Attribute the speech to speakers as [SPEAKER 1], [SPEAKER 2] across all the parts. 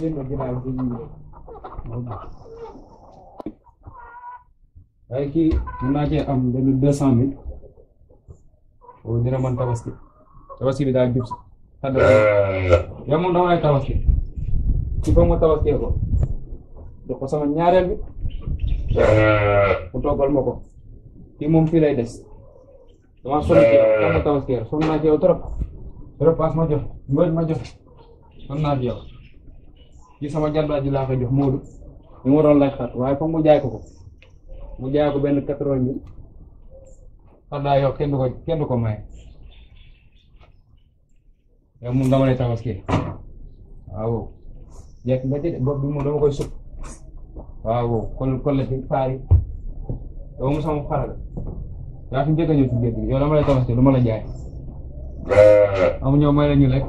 [SPEAKER 1] Bagus. waaye kii mën naa cee am benn deux cent mille boobu dina mën tabaski tabaski bi daal jub si xadd yow moom dama lay tabaski ci foog ma tabaskee ko jox ko sama ñaareel bi ko des dama sonn ci yow ma tabaskee sonn naa ci yow trop trop paas ma ci sama jarbaat ji laa ko jox Moodu li mu waroon lay waaye foog mu jaay ko ko mu jaay ko benn quatre-vingt mille xar daa yow ko kenn du ko maye yow moom dama lay tabaski waaw jekk nga ci bopp bi moom dama koy supp waaw kol kol la ci faar yi yow mu sama xaral yaa fi njëkk a ñëw ci géej gi yow dama lay tabaski ma la jaay amuñoo may la ñu lekk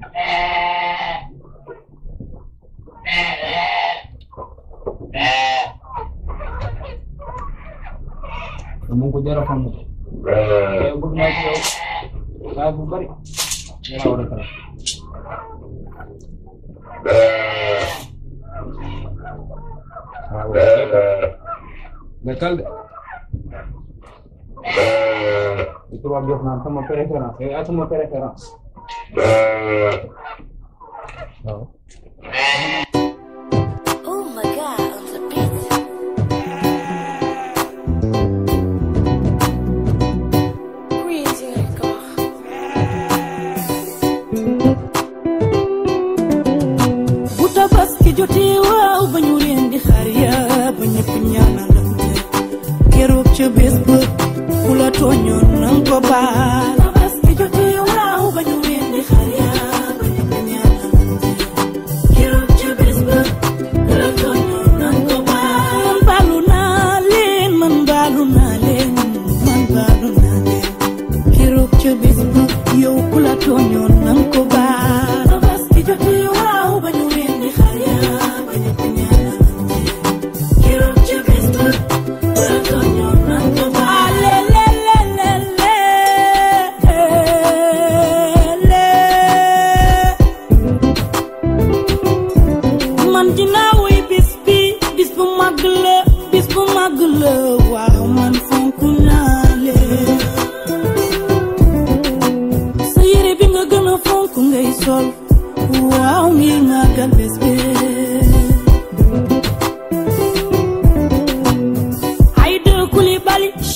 [SPEAKER 1] te mu ngi ko jar eh. a fonk te bëgg naa ci yow saa bu bëri nga war a faral. waaw nga tal de. li tubaab di wax naan sama préférence yow eh, yaa ah, sama préférence eh. waaw.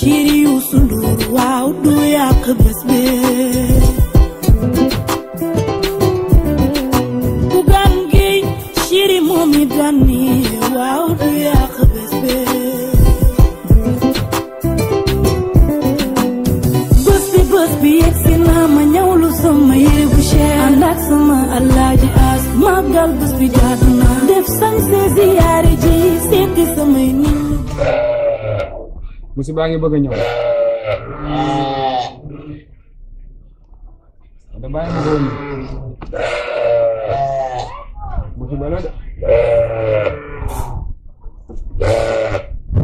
[SPEAKER 1] kiiri Youssou Ndour moom it daan waaw du yàq bés bi bés bi bés bi yegg ma ñawlu sama yére bu cher ànd ak sama alaaji as màggal bés bi jaadu naa def sañ see ziyaare ji seeti samay nit Musi bangi bagi nyok. Ada banyak bun. Musibah lo.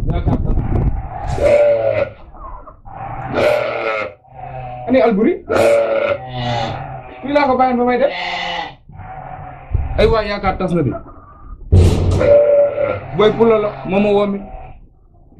[SPEAKER 1] Ya kapan? Ini alburi. Bila kau pengen pemain Ayo ya kertas atas nanti. Baik pula lo, mau mau wamin.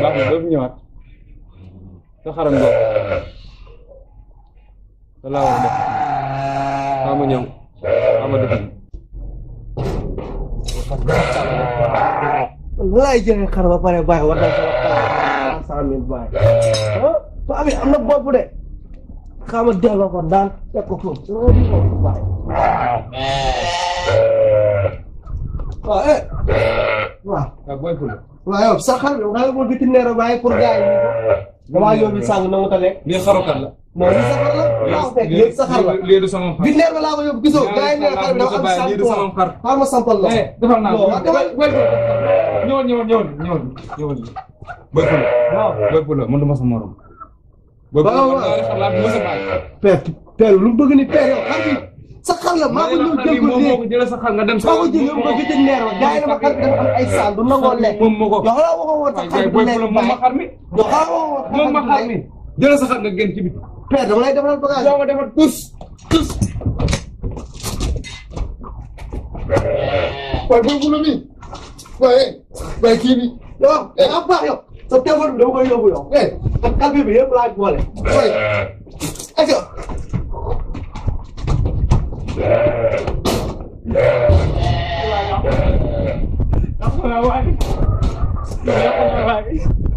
[SPEAKER 1] baax na iya. nyot. Itu haram dong. xaram udah. kamu nyong. Kamu def xaa ma ñëw xaa pare bàyyi war kamu sama cent mille bàyyi paa bi am eh waaw waaw booy Poulo. waaw yow sax xam nga xam nga bitim neero bàyyi pour gars yi. damaa eh. yóbbu sàng nangu ta lekk. lii xarukat la. non lii saxar eh. la. lii saxar la lii du sama xar. bitim neero la xar dafa am sànq lii du sama xar. xaaral ma sampal la. Eh, defal naa ko ñëwal ñëwal booy Poulo. waaw booy Poulo man sa morom. booy Poulo man daal di xam laa du ma sa bàyyi. père père bëgg ni père yow xam nga sa xar la maa ko ñëw jël ko léegi sa xar nga dem sa maa ko jël yow bëgg jël leer jaay na ma xar dafa am ay saal du nangoo lekk moom moo ko yow xanaa waxoo woon sa xar bu lekk moom ma xar mi yow xanaa waxoo woon moom ma xar mi jël sa xar nga génn ci biti père dama lay defaral bagage dama defal tous tous waaye bul bulu mi waaye waaye kii bi yow am eh, baax yow sa téléphone bi dama koy yóbbu yow eh, ak xar bi bi yëpp laa boole waaye Kamu lagi. Kamu lagi.